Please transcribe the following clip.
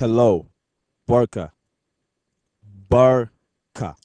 Hello, Barca. Barca.